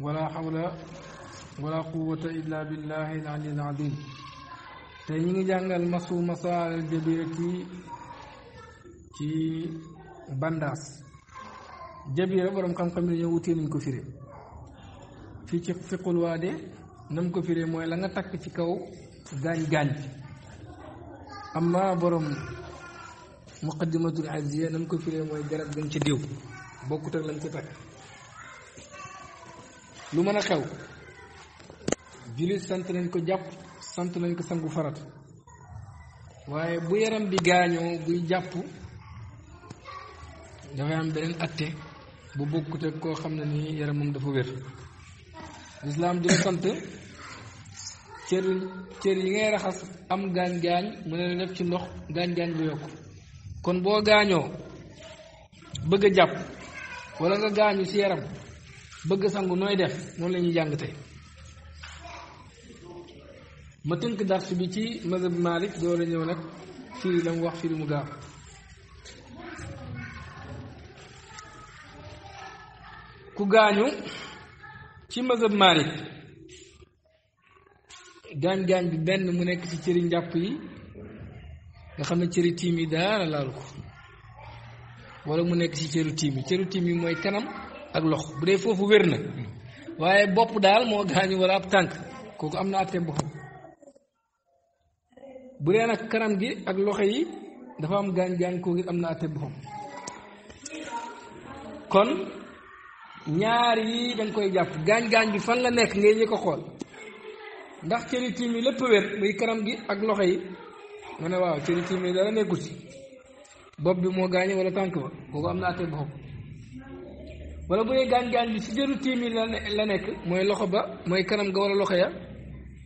wala xawla wala quwata illa billahi al ali al azim te ñu ngi jàngal masu masaal jabirati ci bandaas jabira borom xam-xam yi dañoo nañ ko firé fii ci fiqul waade nam ko fire mooy la nga takk ci kaw gaañ-gaañ bi amma borom muqaddimatul aziya nam ko firé mooy garab gañ ci diw bokkut ak lañ ci takk lu mën a xew jullit sant nañ ko jàpp sant nañ ko sangu farat waaye bu yaram bi gaañoo buy jàpp dafay am beneen atte bu bokkute koo xam ne ni yaramam dafa wér lislaam dina sant cër cër yi ngay raxas am gaañ-gaañ mu ne la ci ndox gaañ-gaañ bu yokk kon boo gaañoo bëgg a jàpp walla nga gaañu ci yaram bëgg sangu nooy def moom lañuy ñuy jàng tey ma tënk dars bi ci mazhab Malik door a ñëw nag fii la wax fii mu gaaw ku gaañu ci mazhab Malik gaañ-gaañ bi benn mu nekk ci cëri njàpp yi nga xam ne cëri tiim yi daara laal ko wala mu nekk ci cëru tiim yi cëru tiim yi mooy kanam ak loxo bu dee foofu wér na waaye bopp daal moo gaañu wala ab tànk kooku am na àtteem bu dee nag kanam gi ak loxo yi dafa am gaañ-gaañ kooku am na àtteem boppam kon ñaar yi koy jàpp gaañ-gaañ fan la nekk ngay ko xool ndax kanam gi ak loxo yi ma ne waaw cëri tiim yi dara bopp bi moo gaañu wala tànk ba kooku am na àtteem wala bu dee gaañ-gaañ bi si jëru tiim yi la nekk mooy loxo ba mooy kanam ga wala loxo ya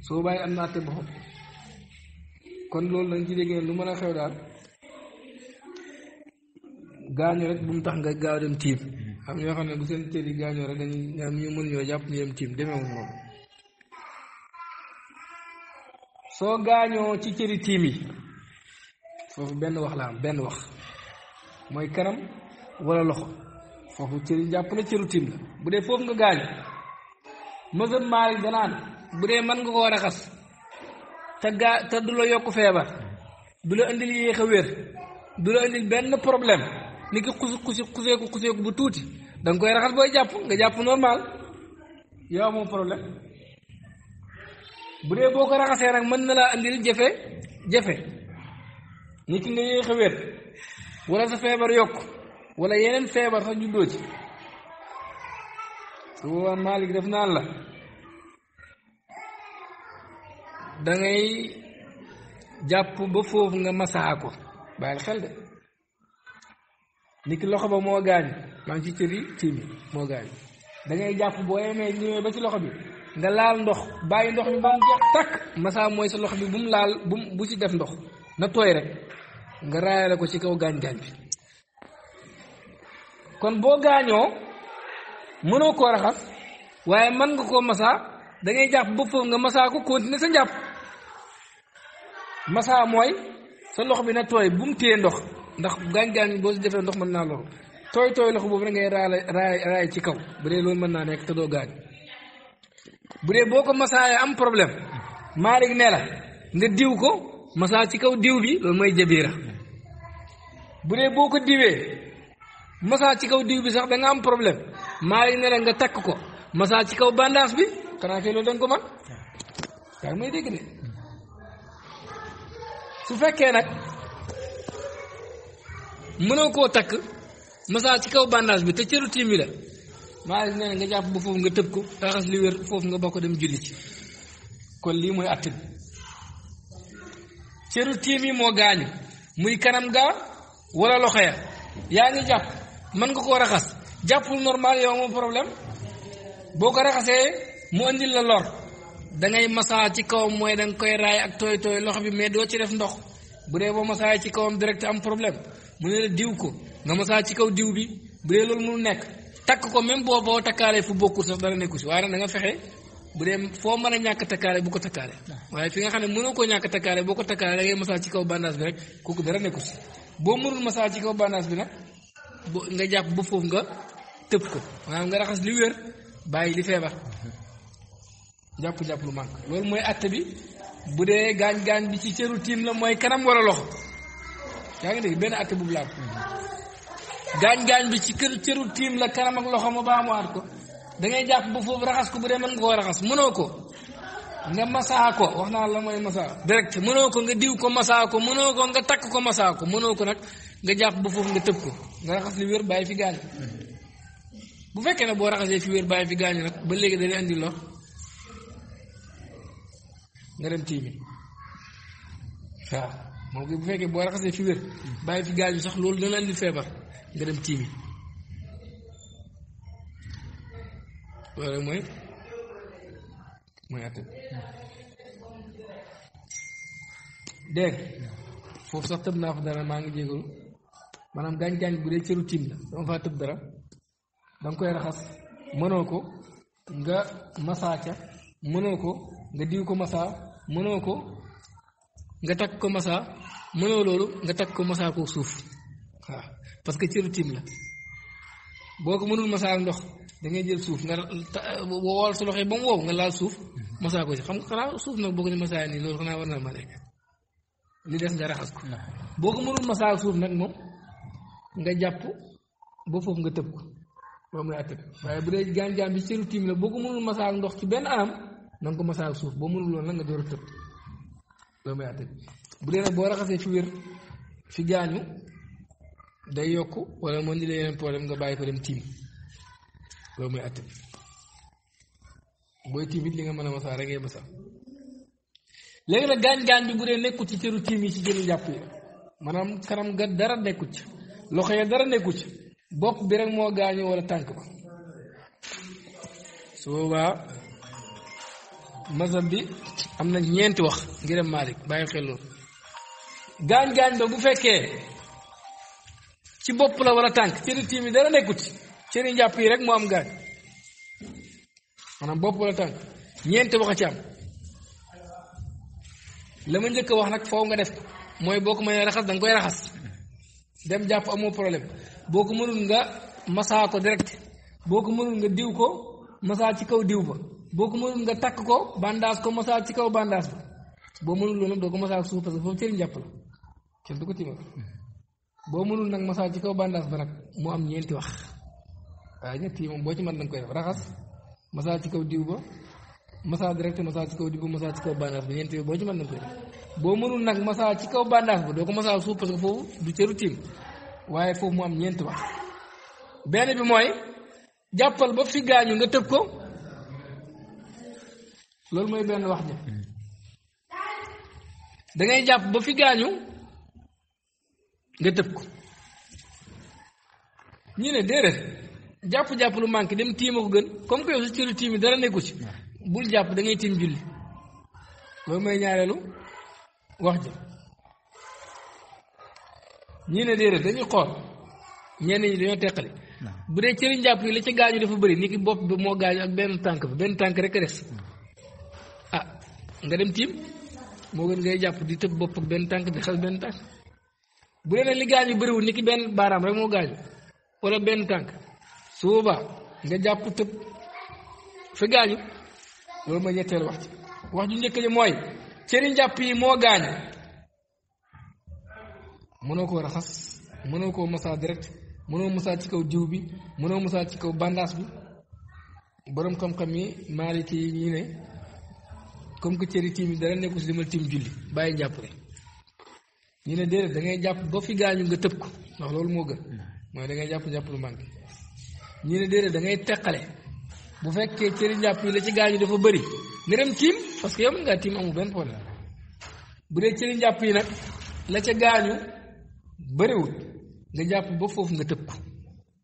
soo bàyyi am naa tëbb xob kon loolu lañ ci déggee lu mën a xew daal gaañu rek bu mu tax nga gaaw dem tiim xam ñoo xam ne bu seen cër yi gaañoo rek dañuy ña ñu mën ñoo jàpp ñu dem tiim demeewul moom soo gaañoo ci cëri tiim yi foofu benn wax la am benn wax mooy kanam walla loxo fofu ci japp na ci tim la budé fofu foofu nga gaañ mësëb maalik da bu budé man nga ko raxas ta ga ta du la yokk feebar du la indil yéex a wér du la indil benn problème ni ki xusi ko xuseeku ko bu tuti dang koy raxas boy japp nga japp normal ya mo problème bu boko boo nak man na la andil jafe jafe ni ki nga yéex wala sa febar yok wala yeneen feebar sax juddoo ci su boobaa Malick def naan la da ngay jàpp ba foofu nga masaa ko bàyyil xel de nit ki loxo ba moo gaañ maa ngi ci cëri ci moo gaañ da ngay jàpp boo yemee ñëwee ba ci loxo bi nga laal ndox bàyyi ndox mi ba mu jeex tàkk masaa mooy sa loxo bi bu mu laal bu bu ci def ndox na tooy rek nga raayale ko ci kaw gaañ-gaañ bi kon boo gaañoo mënoo koo raxas waaye mën nga koo masaa dangay ngay jàpp ba foofu nga masaa ko continuer sa njàpp masaa mooy sa loxo bi na tooy bu mu téye ndox ndax gaañ-gaañ boo si defee ndox mën naa loru tooy tooy loxo boobu da ngay raale raay raay ci kaw bu dee loolu mën naa nekk te doo gaañ bu dee boo ko masaayee am problème maarig ne la nga diw ko masaa ci kaw diw bi loolu mooy jabiira bu dee boo ko diwee massa ci kaw diw bi sax da nga am problème maa yi nga takk ko massa ci kaw bandage bi xanaa kay loolu da ko man yaa ngi dégg de su fekkee nag mënoo koo takk massa ci kaw bandage bi te cëru tiim la maa yi nga jàpp ba foofu nga tëb ko raxas li wér foofu nga ko dem julli ci kon lii mooy att bi cëru tiim moo gaañu muy kanam gaa wala loxo ya yaa ngi jàpp mën nga koo raxas jàppul normal yow moom problème boo ko raxasee mu andil la lor da ngay masaa ci kawam mooy da nga koy raay ak tooy tooy loxo bi mais doo ci def ndox bu dee boo masaa ci kawam direct am problème mu ne la diw ko nga masaa ci kaw diw bi loolu mënu nekk takk ko même boo boo takkaalee fu bokkul sax dara si waaye nag da nga fexe bu dee foo mën a ñàkk takkaale bu ko takkaale waaye fi nga xam ne mënoo koo ñàkk takkaale boo ko takkaale da ngay masaa ci kaw bandage bi rek kooku dara nekku si boo mënul masaa ci kaw bandage bi nag nga jàpp ba foofu nga tëb ko maanaam nga raxas li wér bàyyi li feebar jàpp jàpp lu mànk loolu mooy àtte bi bu dee gaañ gaañ bi ci cëru tiim la mooy kanam wala loxo yaa ngi dégg benn àtte bu laa gaañ gaañ bi ci kër cëru tiim la kanam ak loxo mu at ko da ngay jàpp ba foofu raxas ko bu dee mën nga koo raxas mënoo ko. nga masaa ko wax naa la mooy masaa direct mënoo ko nga diw ko masaa ko mënoo ko nga takk ko masaa ko mënoo ko nag nga jàpp ba foofu nga tëb ko nga raxas li wér bàyyi fi gaañ bu fekkee ne boo raxasee fi wér bàyyi fi gaañ nag ba léegi da lay andi lor nga dem tiimi waaw moom bu fekkee boo raxasee fi wér bàyyi fi gaañ sax loolu dana andi feebar nga dem tiimi loolu mooy. mooy atte bi dégg foofu sax tëb naa fa dara maa ngi jégalu maanaam gaañ-gaañ bu dee cëru tiim la dama faa tëb dara danga koy raxas mënoo ko nga masaa ca mënoo ko nga diw ko masaa mënoo ko nga takk ko masaa mënoo loolu nga takk ko masaa ko suuf waaw parce que cëru tiim la boo ko mënul masaa ndox da ngay jël suuf nga wowal sa ba mu wow nga laal suuf mhm. masaa ko ci xam nga xanaa suuf nag boo ko ni masaa nii loolu xanaa war na ma lekk li des nga raxas ko boo ko mënul masaa suuf nag moom nga jàpp ba foofu nga tëb ko moom laa tëb bu dee gàncax bi cëru tiim ndox ci benn anam na nga ko suuf boo mënul loolu nag nga bu dee nag boo raxasee fi wér fi gaañu day yokk wala moo ni la yeneen problème nga bàyyi ko dem tiim loolu mooy atte bi booy tiim li nga mën a masaa rek ngay masa léegi nag gaañ-gaañ bi bu dee nekkut ci cëru tiim yi ci jëri jàpp yi maanaam kanam ga dara nekkut ci loxo ya dara nekkut ci bopp bi moo gaañu wala tànk ba su bi am na ñeenti wax ngirëm Malik bàyyi bu fekkee ci bopp la wala tànk cëru tiim yi dara nekkut cëri jàpp yi rek moo am gaañ maanaam bopp wala tànk ñeent wax ci am la ma njëkk a wax nag faw nga def mooy boo ko mënee raxas da nga koy dem jàpp amoo problème boo ko mënul nga masaa ko direct boo ko mënul nga diw ko masaa ci kaw diw ba boo ko mënul nga takk ko bandaas ko masaa ci kaw bandaas ba boo mënul loolu doo ko masaa ak suuf parce que foofu cëriñ jàpp la kenn du ko tiimal boo mënul nag masaa ci kaw bandaas ba nag mu am ñeenti wax waaye euh, ñett yi moom boo ci man danga koy def raxas masaa ci kaw diw ba masaa direct masaa ci kaw diw ba masaa ci kaw bàndaas bi ñeent yooyu boo ci mën na koy boo mënul nag masaa ci kaw bàndaas ba doo ko masaa suuf parce que foofu du cëru tiim waaye foofu mu am ñeent wax benn bi mooy jàppal ba fi gaañu nga tëb ko loolu mooy benn wax ji dangay jàpp ba fi gaañu nga tëb ko ñu ne déedéet japp japp lu manki dem tiima ko gën comme que yow ci cëru tiim dara neeku ci bul japp da ngay tim julli loolu may ñaarelu wax ji ñi ne déedéet dañu xor ñen ñi dañu tekkali bu dee cëriñ jàpp yi la ci gaañu dafa bëri niki ki bopp bi moo gaañu ak benn tànk bi benn tànk rek res ah nga dem tiim moo gën ngay jàpp di tëb bopp ak benn tànk bi xas benn tànk bu dee ne li gaañu bëriwul ni ki benn baaraam rek moo gaañu wala benn tànk suuba nga jàpp tëb fi gaañu loolu mooy ñetteel wax ci wax ju njëkk ji mooy cëri njàpp yi moo gaañu mënoo koo raxas mënoo koo masaa direct mënoo masaa ci kaw diw bi mënoo masaa ci kaw bandaas bi boroom xam-xam yi maaliki yi ñii ne comme que cëri tiim yi dara nekkul si demal tiim julli bàyyi njàpp rek ñu ne déedéet da ngay jàpp ba fi gaañu nga tëb ko ndax loolu moo gën hmm. mooy da ngay jàpp jàpp lu manqué ñu ne déedéet dangay teqale bu fekkee cëri njàpp yi la ci gaañu dafa bëri nga dem tiim parce que yow mën ngaa tiim amul benn problème bu dee cëri njàpp yi nag la ca gaañu bëriwul nga jàpp ba foofu nga tëb ko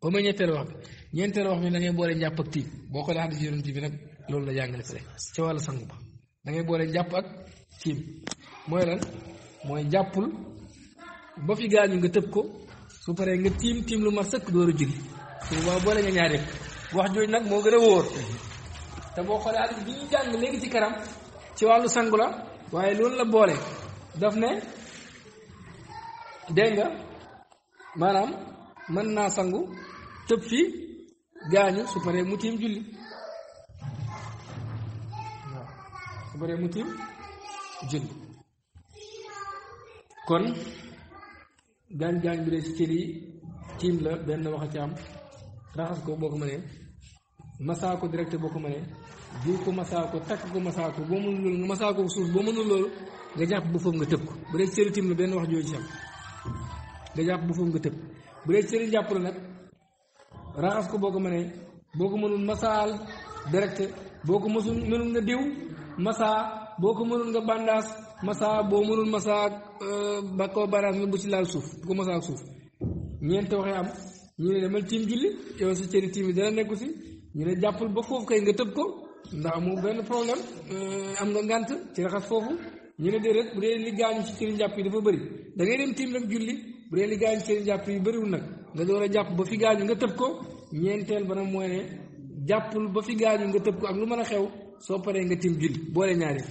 ba ma ñetteel wax bi wax bi da ngay boole njàpp ak tiim boo ko daan si yonent bi nag loolu la jàngale fële ca wàllu sang ba da boole njàpp ak tiim mooy lan mooy jàppul ba fi gaañu nga tëb ko su paree nga tiim tiim lu mat sëkk door a souvent boole nga ñaar wax jooju nag moo gën a wóor te boo xoolee hadis bi ñu jàng léegi ci kanam ci wàllu sangu la waaye loolu la boole daf ne dégg nga maanaam mën naa sangu tëb fi gaañu su paree mu tiim julli waaw mu tiim julli kon gaañ gaañ bi de ci cër yi tiim la benn wax a ci am raxas ko boo ko mënee masaa ko direct boo ko mënee diw ko masaa ko takk ko masaa ko boo mënul loolu nga masaa ko suuf boo mënul nga jàpp bu foofu nga tëb ko bu dee cëri la benn wax jooju ci am jàpp bu foofu nga tëb bu dee cëri boo ko mënee boo ko mënul masaal direct boo ko mësul diw masaa boo ko mënul nga bandaas masaa boo mënul masaa euh, ba kaw bandaas nga bu ci laal suuf bu ko massa suuf ñeent waxee am ñu ne demal tiim julli yow sa cëri tiim yi dara nekku si ñu ne jàppul ba foofu kay nga tëb ko ndax amoo benn problème euh, am nga ngànt ci raxas foofu ñu ne déedéet bu dee li yi dafa bëri da ngay dem tiim rek julli bu dee li gaañu ci cëri njàpp yi bëriwul nag nga door a jàpp ba fi gaañu nga tëb ko ñeenteel ba nag mooy ne jàppul ba fi gaañu nga tëb ko ak lu mën a xew soo paree nga tiim julli boole ñaari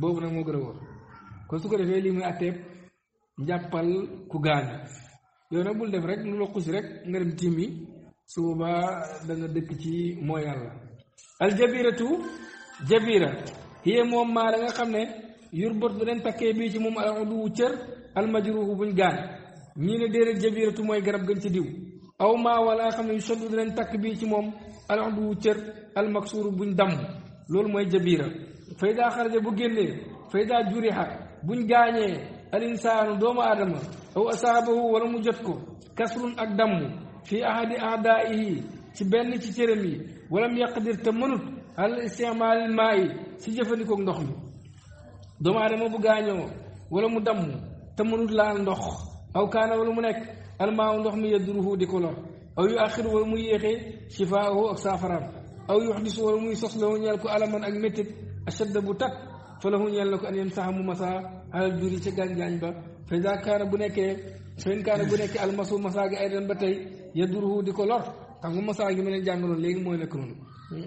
boobu nag moo gën a wóor kon su ko defee lii muy atteeb njàppal ku gaañu yow nag bul def rek lu la rek nga dem tiim yi su boobaa da dëkk ci mooy yàlla aljabiratu jabira hiya moom maa da nga xam ne yurbot bu leen takkee bii ci moom aladu cër almajruhu buñ gaan ñii ne déedéet jabiratu mooy garab gën ci diw aw maa wala xam ne yu takk bii ci moom aladu cër almaksuuru buñ damm loolu mooy jabira fayda xaraja bu génnee fayda juriha buñ gaañee al insaanu doomu aadama aw asaabahu wala mu jot ko kasrun ak damm fii ahadi aadaihi ci benn ci cëram yi walam yaqdir te mënut al istimaalil maa yi si jëfandikoog ndox mi doomu aadama bu gaañoo wala mu damm te mënut laal ndox aw kaana wala mu nekk almaaw ndox mi yadduruhu di ko lor aw yu axiru wala muy yéexee shifaahu ak saafaraam aw yuxdisu wala muy sos la ñeel ko alaman ak métit ashadda bu tat fa lahu ñeel na ko an yem saxa mu masa alal juri ca faida kaana bu nekkee fain kaana bu nekkee almasu masaa gi ay den ba tey yadduruhu di ko lor xam nga masaa gi ma leen jàngaloon léegi mooy nekk noonu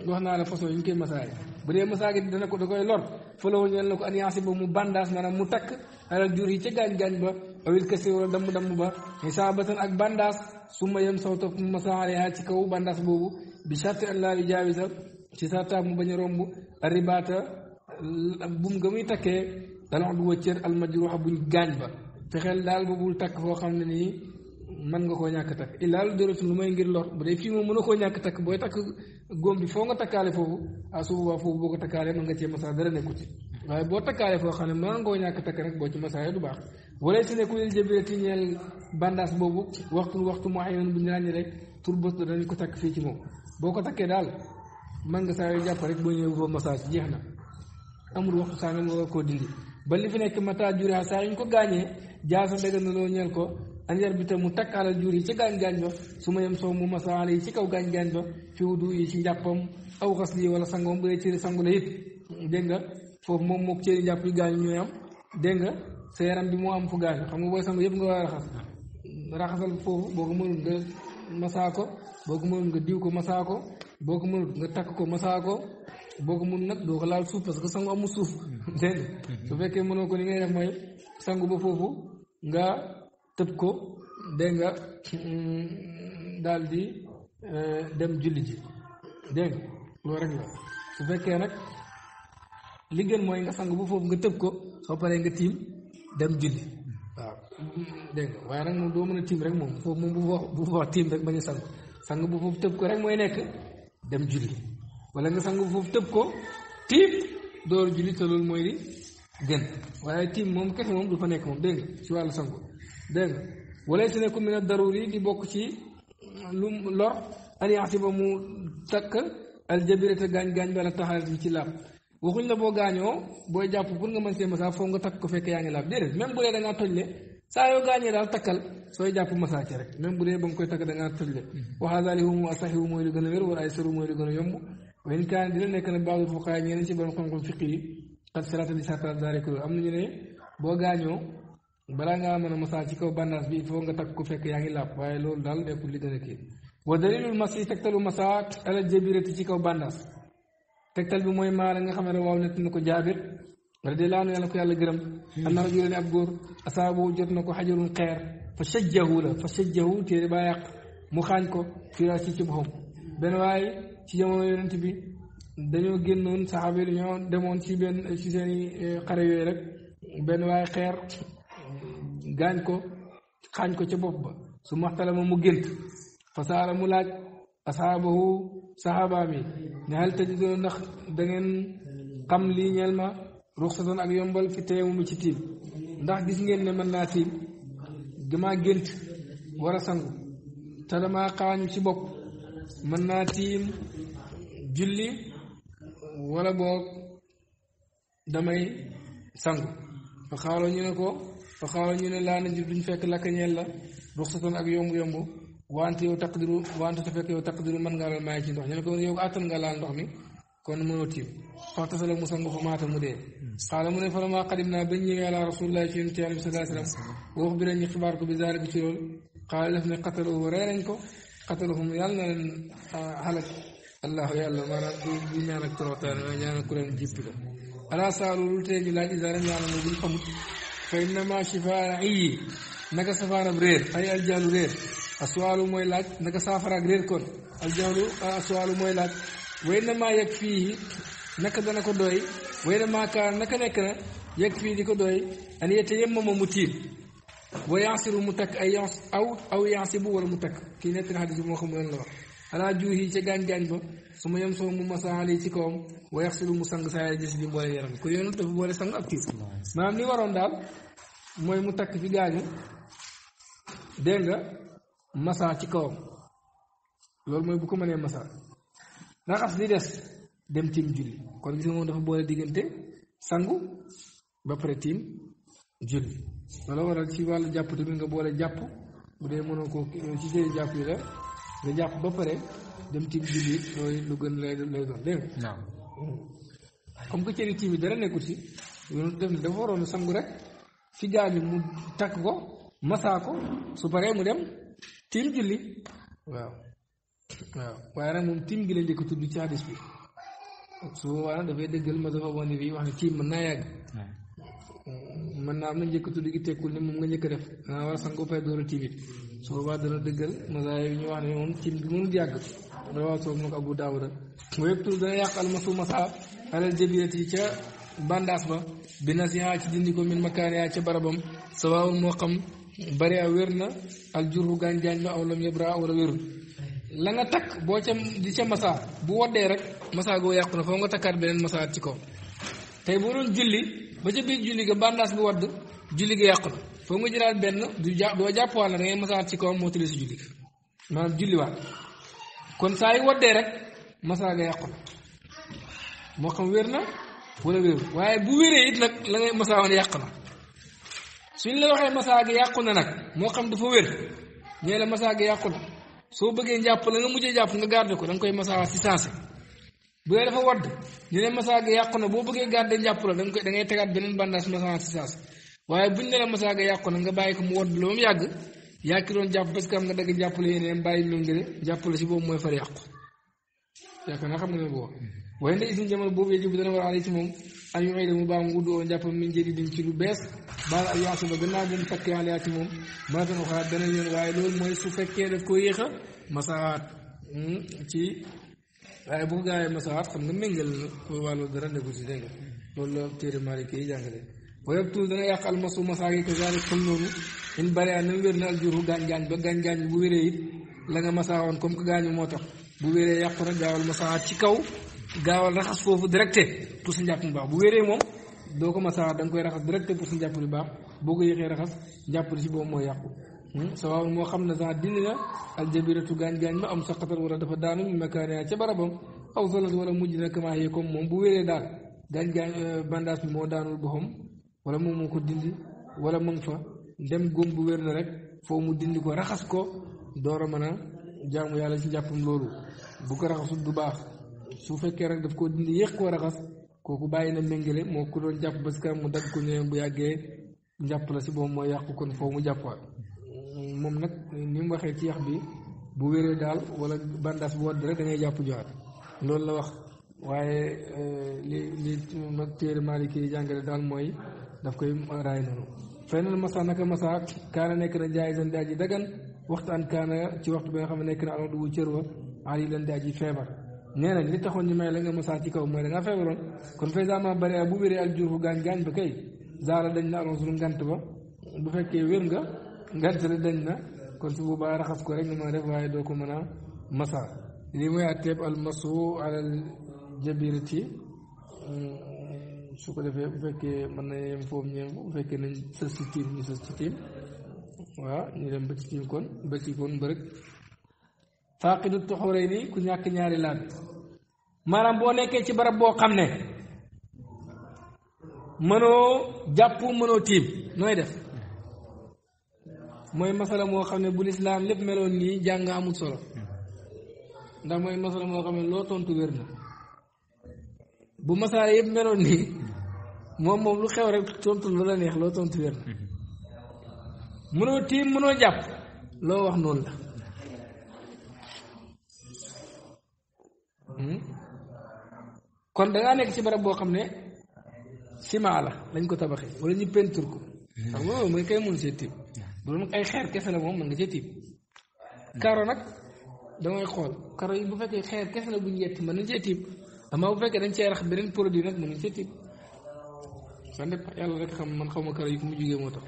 wax naa la façon yi ñu koy masaa yi bu dee masaa gi dana ko da koy lor falawu ñeel na ko aniyaasi ba mu bandaas maanaam mu takk alal jur yi ca gaañ-gaañ ba awil kasi wala damm damm ba xisaabatan ak bandaas su ma yem saw topp mu masaa alayha ci kaw bandaas boobu bi charte an laa jaawisa ci sarta mu bañ a romb ribaata bum nga muy takkee dana du wëccër almajruha buñ gaañ ba fexeel daal ba bul takk foo xam ne nii mën nga koo ñàkk takk illaa lu dorotu lu may ngir lor bu dee fii moom mën a koo ñàkk takk booy takk góom bi foo nga takkaale foofu ah, su boobaa boo ko takkaalee mën nga cee masaa dara nekku ci waaye boo takkaalee foo xam ne mën ngoo ñàkk takk rek boo ci masaa du baax wala si ne boobu waxtu waxtu mu ay noonu ñu ràññee rek tur bës danañ ko takk fii ci moom boo ko takkee daal mën nga saa yoo jàpp rek boo jeex na amul waxtu saa nga koo dindi ba li fi nekk mata juri saa yuñ ko gaañee jaasa dëgg na loo ñeel ko anjar bi tam mu takk alal jur yi ci gaañ-gaañ ba su ma yem soow mu masaal yi ci kaw gaañ-gaañ ba yi ci njàppam aw xas lii wala sangoom bu dee cëri sangu nga foofu moom mook cëri njàpp yu am dégg nga sa yaram bi moo am fu gaañu xam nga booy sangu yëpp nga war a raxas raxasal foofu boo ko mënul masaa ko boo ko mënul nga diw ko masaa ko boo ko mënul nga takk ko masaa ko boo ko mun nag doo ko laal suuf parce que sangu amul suuf mm-hmm. dégg su fekkee mënoo ko li ngay def mooy sangu ba foofu nga tëb ko dégg nga mm, daal di euh, dem julli ji dégg rek la mooy nga sangu ba foofu nga tëb ko soo paree nga tiim dem julli mm-hmm. waaw dégg waaye nag moom doo mën a tiim rek moom foofu moom bu wax wax tiim rek bañ a sangu sangu ba foofu tëb ko rek mooy nekk dem julli wala nga sangu foofu tëb ko tiib door julli te loolu mooy di gën waaye tiib moom kese moom du fa nekk moom dégg nga si wàll sangu dégg nga wala si nekku min a bokk ci lu lor alliance ba mu takk aljabirata gaañ gaañ wala taxalat bi ci laab waxuñ la boo gaañoo booy jàpp pour nga mën see masaa foog ko fekk yaa ngi laab déedéet même bu dee jàpp masaa ci rek bu dee ba nga koy takk da ngaa toj le mm-hmm. waxaa daal li humu asaxiwu mooy lu a wér wala gën a yomb wayil kaan dina nekk nag baaxul fuqaay ñeneen ci borom xam-xam fiq am nañu ne boo gaañoo masaa ci kaw bandaas bi il faut nga takk ko fekk yaa ngi làpp waaye loolu daal nekkul li gën a kii wa dalilul mas yi tegtalu masaa ala jabirati ci kaw bandaas tegtal bi mooy maa la nga xam ne waaw nett na ko jaabir radiyallaahu anhu yàlla ko yàlla gërëm am na rajulan ab góor asaabu jot na ko xajarun xeer fa sajjahu la fa sajjahu téere baa yàq mu xaañ ko fii ci ci boppam benn waaye ci jamono yonent bi dañoo génnoon saxaaba yi demoon ci benn ci seeni eh, xare yooyu rek benn waaye xeer gaañ ko xaañ ko ca bopp ba su maxtala ma mu gént fasaara mu laaj asaabahu saxaaba mi ne hal tajiduna ndax da ngeen xam lii ñeel ma ruxsatan ak yombal fi teemu mi ci tiim ndax gis ngeen ne mën naa tiim damaa gént war a sangu te damaa xaañu ci bopp man naa tiim julli wala boog damay sangu fa xaalo ñu ne ko fa xaalo ñu ne laa na jub duñ fekk lakk ñeel la ruxsatan ak yomb-yomb wante yow taqdiru wante su fekk yow taqdiru mën ngaa laal maay ci ndox ñu ne ko yow àttan nga laal kon mënoo tiim faxtasala mu sangu fa maata mu dee mu ne falamaa xadim naa bañ ñëwee àla rasulillah ci yonent yàlla bi salaa sallam xibaar ko bi zaalik ci loolu xaala def ne xatalu rey nañ ko xatalahum yàlla na leen xalak allahu yàlla maanaam du du ñaan ak toroxtaane waaye ñaan ak ku leen jiitu la ala saalu lu tee ñu laaj isaara ñaan na buñ xamut fa innama shifaa yi naka safaanam réer ay aljaalu réer aswaalu mooy laaj naka saafaraak réer kon aljaalu aswaalu mooy laaj wa innama yeg fii naka dana ko doy wa innama kaana naka nekk na yeg fii di ko doy an yette yemmama mu tiit wa mu takk ay yans aw aw yaasibu wala mu takk kii nekk na xadis bi moo xam lan la wax alaa juuhi ca gaañ-gaañ ba su ma yem soo mu masaali ci kawam wa yaxilu mu sang saa gis bi mboole ko yoonu dafa boole sang ak tiit waroon daal mu takk fi gaañu dégg nga ci kawam loolu mooy bu ko mënee masa raxas li des dem tiim moom dafa boole diggante sangu ba pare tiim julli loola waral ci wàllu jàpp tamit nga boole jàpp bu dee mënoo ko ci seen jàpp yi la nga jàpp ba pare dem tiim julli lu gën lay lay doon dégg comme que cëri tiim yi dara nekkul si yoonu def sangu rek si gaañu mu takk ko masaa su paree mu dem tiim julli waaw waaw waaye nag moom tiim gi njëkk tudd ci hadis bi su boobaa dafay dëggal ma dafa bon fii wax ne tiim mën naa yàgg mën naa am na njëkk tudd gi tekkul ni moom nga njëkk def danaa war a sangu fay door a tiimit su boobaa dana dëggal masaay yi ñu wax ne moom tiim bi mënul yàgg rawaa soob na ko Abu Daawuda masaa alal yi ca bandaas ba bi nasiha ci dindi ko min makaani yaa ca barabam sawaawul moo xam bari a wér na ak jurbu gànjaañ ma aw lam yebra wala wérul la nga takk boo ca di ca masaa bu woddee rek masaa goo yàqu na foo nga takkaat beneen masaa ci ko tey boo doon julli ba ca biir julli ga bandaas bi wadd julli ga yàqu na foo nga jëlaat benn du ja doo jàpp wàll da ngay ci kawam moo tëddee si julli ga maanaam julliwaat kon saa yu waddee rek masaa ga yàqu na moo xam wér na wala waaye bu wéree it nag la yàq na la waxee masaa ga yàqu na nag moo xam dafa wér ñee la masaa ga yàqu na soo bëggee njàpp la nga mujjee jàpp nga garde ko danga koy masaa si sensé bu dee dafa wadd ñu na boo bëggee garder njàpp la da nga koy da ngay tegaat beneen bandaas masaa si saas waaye buñ ne la masaa ga yàqu na nga bàyyi ko mu wadd la moom yàgg yaa ki am nga dagg njàpp la yeneen bàyyi loolu nga de njàpp mooy far yàqu yàqu naa xam nga ne boobu waaye nda isin jamono boobu yëjëb dana war ale si moom ay yoxey da mu baa mu uddoo njàppam min jëri din ci lu moom maratan waxaat beneen yoon waaye loolu mooy su fekkee daf ko yéex a masaat hmm, ci waaye bu ko gaa yi masawaat xam nga méngal wàllu dara nekku ci dégg loolu la téere Maliki yi jàngale wayab tuur dana yàq almasu masaa yi ko gaari comme noonu in bari a na aljuru gaañ ba gaañ-gaañ bu wéree la nga masaa woon comme que gaañu moo tax bu wéree yàqu na gaawal masawaat ci kaw gaawal raxas foofu directe pour sa njàpp mu baax bu wéree moom doo ko masawaat da nga koy raxas directe pour sa njàpp bu baax boo ko yéexee raxas njàpp ci boobu mooy yàqu Hmm? sawaaw moo xam ne sax dindi na aljabiratu gaañ-gaañ ma am saqatal wala dafa daanu mi makaariha a barabam aw salat wala mujj na kama yee comme moom bu wéree daal gaañ-gaañ euh, bandage bi moo daanu boxam wala moom moo ko dindi wala mu ngi fa dem góom bu wér na rek foo mu dindi ko raxas ko a mën a jaamu yàlla ci njàppam loolu bu ko raxasul du baax su fekkee rek daf koo dindi yéex koo kooku bàyyi na méngale moo ko doon jàpp parce que mu dagg ko ñëwee bu yàggee jàpp la si boobu mooy yàqu kon foo mu jàppaat moom nag ni mu waxee ci yax bi bu wéree daal wala bandaas bu wadd rek da ngay jàpp joxaat loolu la wax waaye euh, li li mag téere Maalik yi jàngale daal mooy daf koy raay noonu feneen masa naka masa kaana nekk na jaay san daaj yi dagan waxtaan kaana ci waxtu bi nga xam nekk na alon dubu cër wa ali lan daaj yi feebar nee nañ li taxoon ñu may la nga masa ci kaw mooy da ngaa feebaroon kon faysament bëri a bu wéree ak jurfu gaañ-gaañ ba kay zaara dañ na alon suñu ngant ba bu fekkee wér nga ngant la dañ na kon su boobaa raxas ko rek la ma def waaye doo ko mën a masa lii mooy àtteeb al masu alal jabirati su ko defee bu fekkee mën na yem foofu ñeem bu fekkee ñu dem ba ci tiim kon ba ci kon mbërëg ku ñàkk ñaari laab maanaam boo nekkee ci barab boo xam ne mënoo jàpp mënoo tiim nooy def mooy masala moo xam ne bu lislaam lépp meloon nii jàng amul solo ndax mooy masala moo xam ne loo tontu wér na bu masala yëpp meloon nii moom moom lu xew rek tontu lu la neex loo tontu wér na mënoo tiim mënoo jàpp loo wax noon la hmm? kon dangaa nekk ci barab boo xam ne ciment la lañ ko tabaxee wala ñu peinture ko xam nga kay mun see tiim mën ay xeer kese la moom mën nga ca tiit karo nag dangay xool karo yi bu fekkee xeer kese la bu ñett yetti mën nañ cee tiit amaa bu fekkee dañ cee rax beneen produit nag mën nañ cee tiit sa dépend yàlla rek xam man xaw ma karo yi fu mu jugee moo tax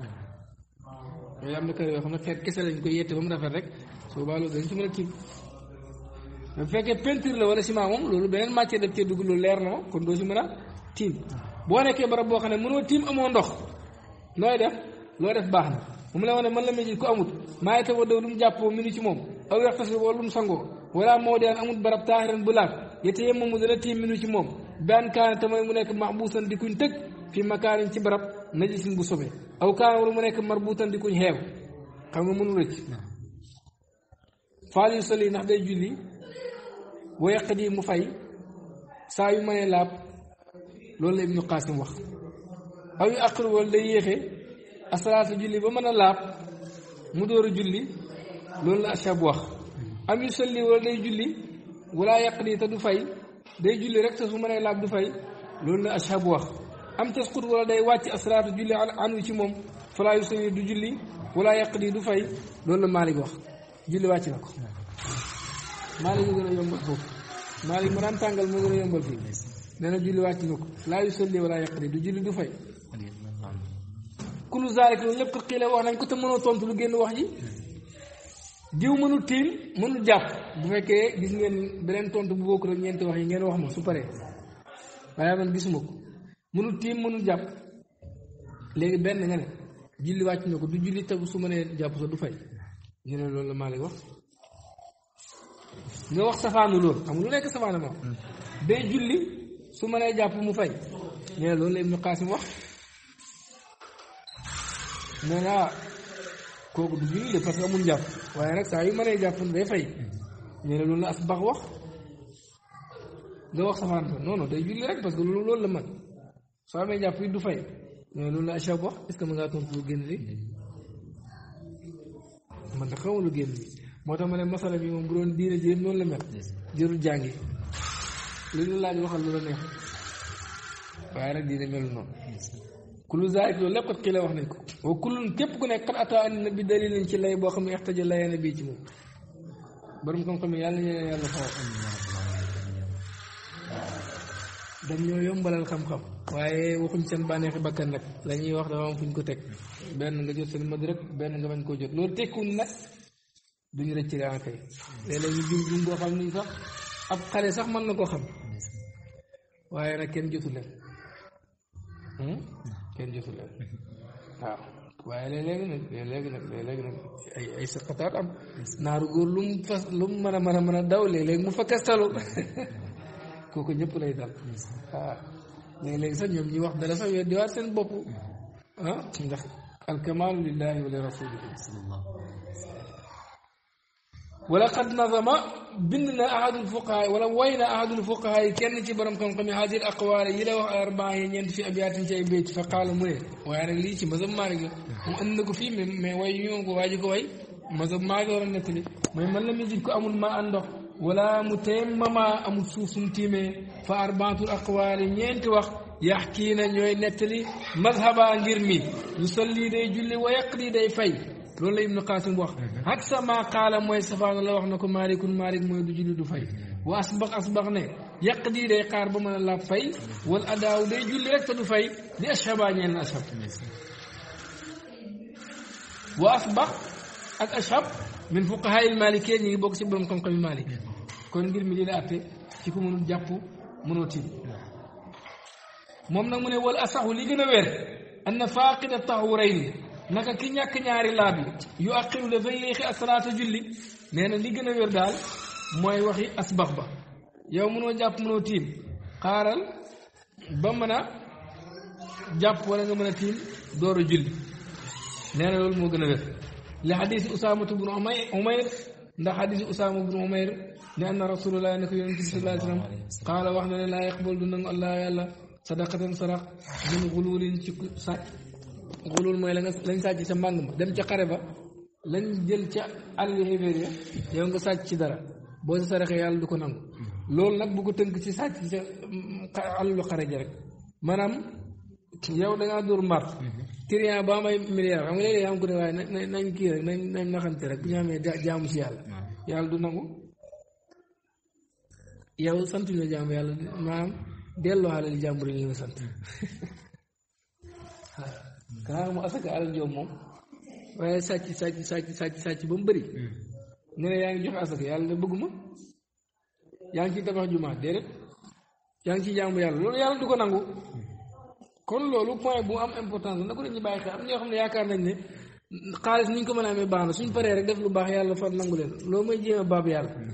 mais am na karo yoo xam ne xeer kese lañ koy yette ba mu rafet rek su boobaa loolu dañ ci mën a tiit bu fekkee peinture la wala ciment moom loolu beneen matière daf cee dugg lu leer na kon doo si mën a tiim boo nekkee barab boo xam ne mënoo tiim amoo ndox nooy def loo def baax na mu mu la wax ne man la muy ko ku amut maa ngi taw daw lu mu jàppoo minu ci moom aw yaxtas wala lu mu sangoo wala moo deen amut barab taaxiran bu laab yete yem moomu dana tiim minu ci moom benn kaane tamay mu nekk maxbuusan di kuñ tëj fi makaanin ci barab najisin bu sobe aw kaane wala mu nekk marbuutan di kuñ xeew xam nga mënu rëcc faal yu sali ndax day julli wa yàq di mu fay saa yu mënee laab loolu la Ibnu Qaasim wax aw yu àqir wala day asalaatu julli ba mën a laab mu door a julli loolu la ashab wax am yu julli wala yàq nii te du fay day julli rek te su mënee laab du fay loolu la ashab wax am tasqut wala day wàcc asalaatu julli ci moom falaa yu salli du julli wala yàq nii du fay loolu la Malick wax julli wàcc na ko Malick yu gën a yombal foofu Malick ma daan tàngal moo gën a yombal fii nee na julli wàcc na ko laa yu salli yàq nii du julli du fay kullu zaalik loolu lépp kat xiile wax nañ ko te mënoo tontu lu génn wax ji diw mënul tiim mënul jàpp bu fekkee gis ngeen beneen tontu bu bokkul ak ñeenti wax yi ngeen wax ma su paree waaye man gisuma ko mënul tiim mënul jàpp léegi benn nga ne julli wàcc na ko du julli te su ma nee jàpp sax du fay ñu ne loolu la maa lay wax nga wax safaanu loolu xam lu nekk safaanu ma hmm. day julli su ma nee jàpp mu fay ñu ne loolu la Ibnu Qaasim wax nee naa kooku du julli de parce que amul jàpp waaye nag saa yu mënee jàpp day fay ñu ne loolu la asbax wax nga wax safaan ba non non day julli rek parce que loolu la man soo amee jàpp yi du fay ñu ne loolu la ashab wax est que mën ngaa tontu lu génn li man de xaw ma lu génn li moo tax ma ne masala bi moom bu doon diine ji noonu la met jërul jàngi li ñu laaj waxal lu la neex waaye nag diine melu noonu. kullu zaalik loolu lépp kii la wax nañ ko wa kullun képp ku nekk xat ataa andi na bi nañ ci lay boo xam ne yaxtaja layeena bii ci moom borom xam-xam yàlla ñu dañ ñoo yombalal xam waaye waxuñ seen bànneexi bakkan nag la ñuy wax dafa am fuñ ko teg benn nga jot seen mad rek benn nga bañ koo jot loolu tekkuñ nag duñu rëcc daa kay léeg-léeg ñu jum jum boo xam ni sax ab xale sax mën na koo xam waaye nag kenn jotu leen hmm? kenn jotu leen waaw waaye léeg-léegi nag léeg-léegi nag léeg-léegi nag ay ay saqataat am naaru góor lu mu fas lu mu mën a mën a mën a daw léeg-léegi mu fa kastalu kooku ñëpp lay dal waaw léegi-léegi sax ñoom ñi wax dala sax weddiwaat seen bopp mm-hmm. ah ndax alkamaalu lillahi wa li rasulihi ولقد نظم بننا أحد الفقهاء ولو أحد الفقهاء كان تبرم كم قمي هذه الأقوال يلو أربعة ينت في أبيات جاي بيت فقال مري إيه؟ وأنا ليش مذم مارك وأنك في من ويوم واجك وي مذم مارك ورن نتلي ما يمل ميجيك أمون ما عنده ولا ما أم سوف تيمه فأربعة الأقوال ينت وقت يحكينا نيوي نتلي مذهبا غير مين يصلي دي جلي ويقضي دي في loolu la ibnu qasim wax xatsa ma qaala mooy safaana la wax na ko maalikun maalik mooy du julli du fay wa asbax asbax ne yàq dii day xaar ba mën a laab fay wala adaaw day julli rek te du fay li ashaba ñeen ashab wa asbax ak ashab min fuqahaayil maalikee ñi ngi bokk si borom xam-xam yi maalik kon ngir mi lii la atte ci ko mënul jàpp mënoo tiim moom nag mu ne wal asaxu li gën a wér anna faaqida taxurayni naka ki ñàkk ñaari laab yi yu aqiru dafa yéexi asalaata julli nee na li gën a wér daal mooy waxi asbax ba yow mënoo jàpp mënoo tiim xaaral ba mën a jàpp wala nga mën a tiim door a julli nee na loolu moo gën a wér li xadisi usaamatu bnu umayr ndax xadisi usaama bnu umayr ne anna rasulullah ne ko yonente bi sallallahu alayhi wa sallam qaala wax na ne laa yaqbal du nangu allah yàlla sadaqatan sarax min xuluulin ci sàcc xulul mooy la nga lañ sàcc ca mbàng ma dem ca xare ba lañ jël ca alali xéeféer ya yow nga sàcc ci dara boo sa saraxee yàlla du ko nangu loolu nag bu ko tënk ci sàcc ci sa alalu xare ja rek maanaam yow da dangaa dóor mar client ba am ay milliards xam nga léegi am ko ne waaye nañ nañ kii rek nañ nañ si yàlla yàlla du nangu yow sant ñu jaamu yi ñu sant waaw xaaral mu asaka alal joom moom waaye sàcc sàcc sàcc sàcc ba mu bëri hmm. ne ne yaa ngi joxe asaka yàlla ne bëgguma yaa ngi ci tabax jumaa déedéet yaa ngi ci jaamu yàlla loolu yàlla du ko nangu hmm. kon loolu point bu am important na ko dañu bàyyi xel am ñoo xam ne yaakaar nañ ne xaalis ni ñu ko mën a amee baax na suñ paree rek def lu baax yàlla far nangu leen loolu mooy jéem baab yàlla hmm.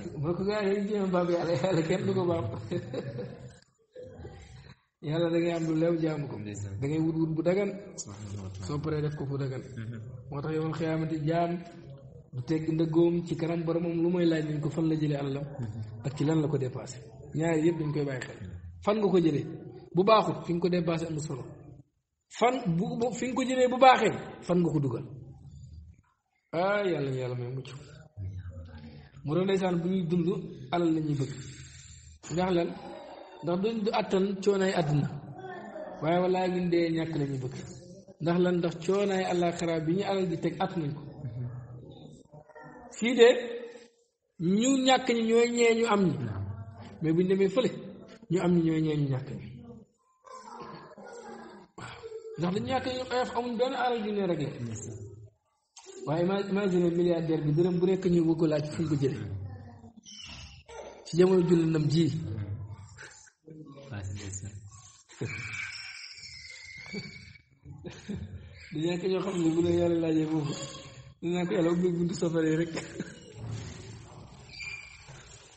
boo ko gaa yi jéem baab yàlla yàlla kenn du ko baab yàlla da am lu leew jaamu ko da ngay wut wut bu dagan soo paree def ko fu dagan mm-hmm. moo tax yow xiyaamati jaam du tegg ndëggoom ci kanam boromam lu mooy laaj nañ ko fan la jëlee alalam mm-hmm. ak ci lan la ko dépassé ñaari yëpp dañ koy bàyyi xel fan nga ko jële bu baaxut fi nga ko dépassé amul solo fan bu fi nga ko jëlee bu baaxee fan nga ko dugal ah yàlla yàlla may mucc mu doon ndeysaan bu ñuy dund alal la bëgg ndax lan ndax duñ du attan coonaay àdduna waaye walaa ñun dee ñàkk la ñu bëgg ndax lan ndax coonaay àllaaxira bi ñu alal di teg at nañ ko fii de ñu ñàkk ñi ñooy ñee ñu am ñi mais buñ demee fële ñu am ñi ñooy ñee ñu ñàkk ñi waaw ndax dañ ñàkk ñu oyof amuñ benn alal di ne rek la waaye imagine milliardaire bi dërëm bu nekk ñu bëgg ko laaj fu ñu ko jële ci jamono julli nam ji du ñoo xam ne bu la yàlla laajee foofu dinaa ko yàlla ubbi buntu safara yi rek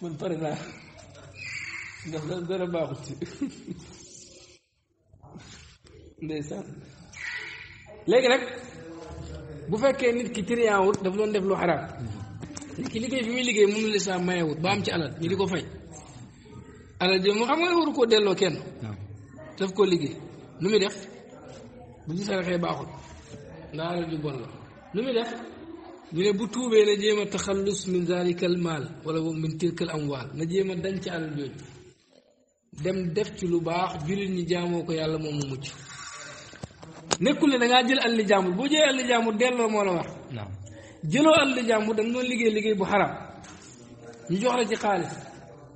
man pare naa ndax dara baaxut ci léegi nag bu fekkee nit ki triant wut daf doon def lu xaraam nit ki liggéey bi muy liggéey moom la lislaam mayewut ba am ci alal ñu di ko fay alal ji mu xam nga waru koo delloo kenn daf ko liggéey nu muy def bu ci saraxee baaxul ndaa la ju bon la nu muy def ñu ne bu tuubee na jéem a taxallus min zalika al maal wala boog min tilka al amwaal na jéem a dañ ci alal jooju dem def ci lu baax jullit ñi jaamoo ko yàlla moom mu mucc nekkul ne da ngaa jël alli jàmbur boo jëlee alli jàmbur delloo moo la war jëloo alli jàmbur da nga liggéey liggéey bu xaram ñu jox la ci xaalis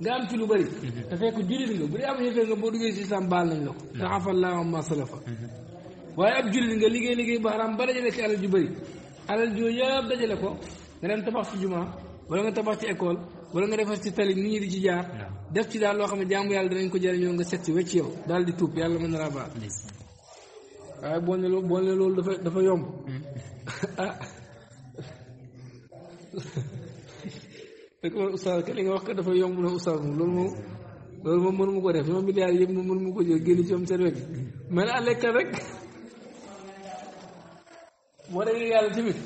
nga am ci lu bëri mhm. te fekk jullit nga bu dee am xéeféer nga boo duggee si islam baal nañ la ko mhm. te afallaahu ammaa salafa mhm. waaye ab jullit nga liggéey liggéey ba xaraam ba dajale ci alal ju bëri alal joo yëpp dajale ko nga dem tabax ci jumaa wala nga tabax ci école wala nga defar ci tali nit ñi di ci jaar def ci daal loo xam ne jaamu yàlla danañ ko jëriñoo nga set ci wecc yow daal di tuub yàlla mën na laa baal waaye boo ne loolu boo ne loolu dafa dafa yomb ah. fekk man oustaz ka li nga wax ka dafa yomb na oustaz moom loolu moom loolu ko def sama milliards yëpp moom mënu mu ko jël génn ci moom seen wet mel àllekkat rek moo dee yàlla tamit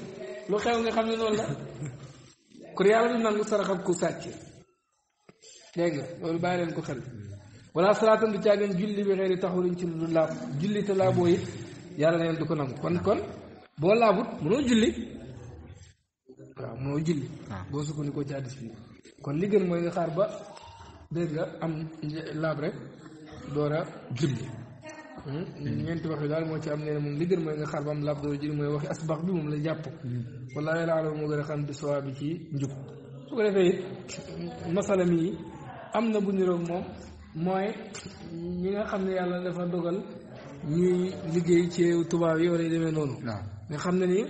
lu xew nga xam ne noonu la kon yàlla du nangu saraxam ku sàcc dégg nga loolu bàyyi leen ko xel wala salaatam du caageen julli bi xëy di taxawuñ ci lu laab julli te laaboo it yàlla neen du ko nangu kon kon boo laabut mënoo julli waaw moo julli. Ah. boo sukkandikoo ci hadiis bi kon li gën mooy nga xaar ba dégg am laab rek door a julli. Hmm? Hmm. ñeenti wax yi daal moo ci am nee na moom li gën mooy nga xaar ba am laab door a julli mooy waxi asbax bi moom la jàpp. Hmm. wallaahi laa moo gën a xam bi sawaa bi ci njub. su am na bu niroog moom xam ne yàlla dafa dogal ñuy liggéey ci tubaab yi wala demee noonu. Ah. nga xam ne ni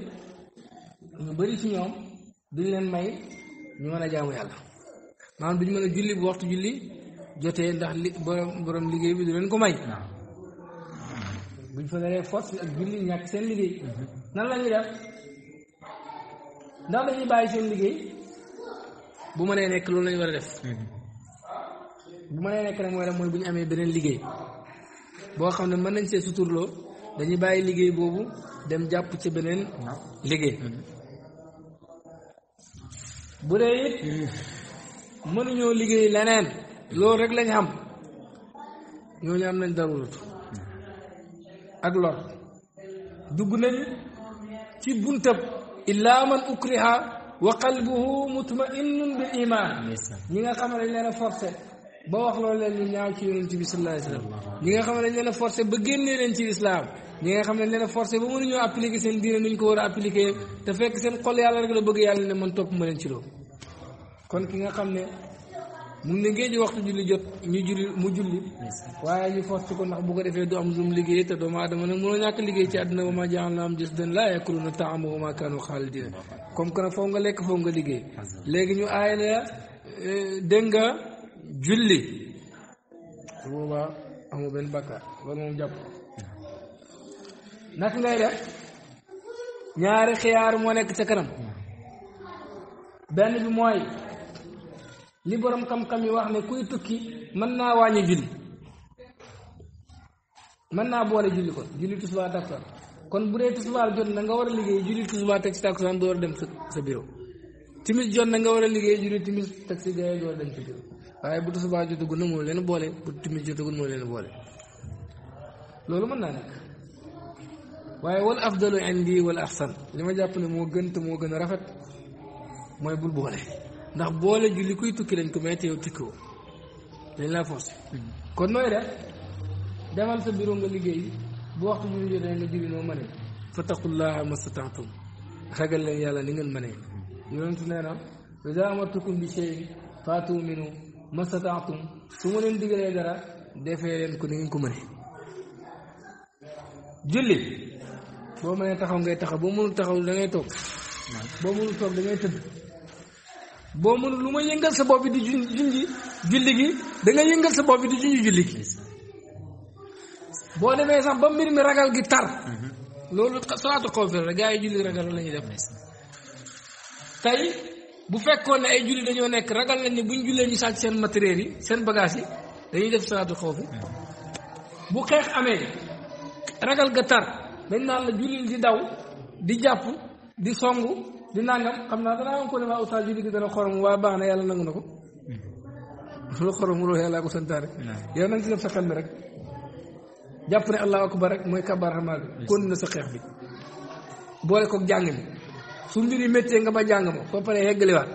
ñu bëri ci ñoom. duñ leen may ñu mën a jaamu yàlla maanaam duñ mën a julli bu waxtu julli jotee ndax li borom borom liggéey bi du leen ko may buñ fa naree force ak julli ñàkk seen liggéey nan la def ndax dañuy bàyyi seen liggéey bu mënee nekk loolu lañu war a def bu mënee nekk nag mooy la mooy bu ñu amee beneen liggéey boo xam ne mën nañ see suturloo dañuy bàyyi liggéey boobu dem jàpp ci beneen liggéey bu dee it mënuñoo liggéey leneen loolu rek lañ xam ñooñu am nañ darurat ak lor dugg nañ ci buntab illaa man ukriha wa qalbuhu mutma'innun bil iman ñi nga xam ne dañ leen a ba wax loolu leen ñu ñaaw ci yonent a ci lislaam ñi nga xam ne dañ leen a la bëgg yàlla ne man loolu ki nga xam ne mu ngi ne ngeen ji waxtu julli ñu julli mu julli waaye ñu forcé ko ndax bu ko defee du am liggéey te doomu aadama na am jës dan laa yakuluna taama wa ma kaanu xaalidina comme que nag nga lekk foog nga liggéey léegi ñu aay la eh, julli su boobaa amoo benn bakkaar loolu moom jàpp naka ngay def ñaari xiyaar moo nekk sa kanam benn bi mooy li borom xam-xam yi wax ne kuy tukki mën naa wàññi julli mën naa boole julli kon julli tisbaar takkusaan kon bu dee tisbaar jot na nga war a liggéey julli tisbaar teg si takkusaan door dem sa sa bureau timis jot na nga war a liggéey julli timis teg si gaay door dem sa bureau waaye bu tisbaar jotagul nag moo leen boole bu timis jotagul moo leen boole loolu mën naa nekk waaye wal afdalu wal ahsan li ma jàpp ne moo gën te moo gën a rafet mooy bul boole ndax boole julli kuy tukki dañ ko may te yow tikkiwoo dañ laa forcé kon nooy def demal sa bureau nga liggéey bu waxtu julli jotee nga julli noo mënee fattaqullaha mastataatum ragal leen yàlla ni ma ne yonentu nee na idaa amartukum bi shay'in faatu minhu mastataatum su ma leen digalee dara defee leen ko ni ngeen ko mënee julli boo mënee taxaw ngay taxaw boo mënul taxaw dangay ngay toog boo mënul toog da ngay tëdd boo mënul lu ma yëngal sa bopp bi di junji julli gi da ngay yëngal sa bopp bi di junji julli gi boo demee sax ba mbir mi ragal gi tar loolu salaatu xawfi la gaa yi julli ragal la ñuy def tey bu fekkoon ne ay julli dañoo nekk ragal nañ ne buñ jullee ñu sàcc seen matériel yi seen bagage yi dañuy def salaatu xaw fi bu xeex amee ragal ga tar dañ naan la julli di daw di jàpp di songu di nangam xam naa danaa am ko ne waa oustaz julli gi dana xorom waa baax na yàlla nangu na ko lu xorom loolu yàlla ko santaane yow nag ci def sa xel mi rek jàpp ne allahu akbar rek mooy kabaar xamaa bi kon na sa xeex bi boole koog jàng mi su mbir yi nga ba jàng ma soo paree yeggaliwaat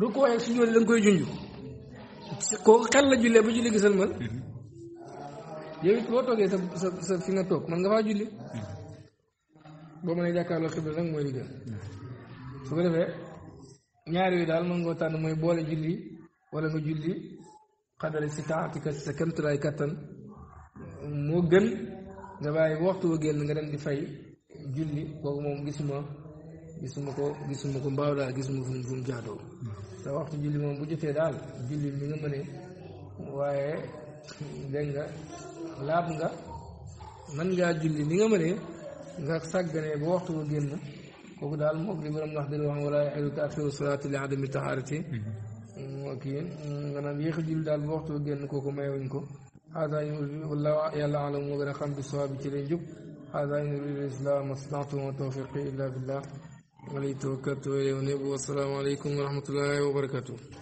rukkoo ak sujjóot da nga koy junj kooku xel la jullee ba julli gisal man yow boo toogee sa sa sa fi nga toog man nga faa julli boo mënee jàkkaarloo xibla nag mooy li gën su ko defee ñaar yooyu daal mën ngoo tànn mooy boole julli wala nga julli xadara si taatika sa kemtulaay kattan moo gën nga bàyyi waxtu wa génn nga dem di fay julli kooku moom gis gisuma ko gisuma ko mbaaw daal gisuma fu mu fu mu jaadoo te waxtu julli moom bu jotee daal julli mi nga mënee waaye dégg nga laab nga man ngaa julli ni nga mënee nga sàgganee ba waxtu ba génn kooku daal moom ko borom wax dëgg wax wala xeluka aksaru salaati li adami tahaarati mhm. daal ba waxtu ba génn kooku mayewuñ ko aada moo gën a xam bi sawaab bi ci lay njub هذا هي الإسلام واصطنعت وتوفيقي إلا بالله ولي توكلت وإليه ونبو والسلام عليكم ورحمة الله وبركاته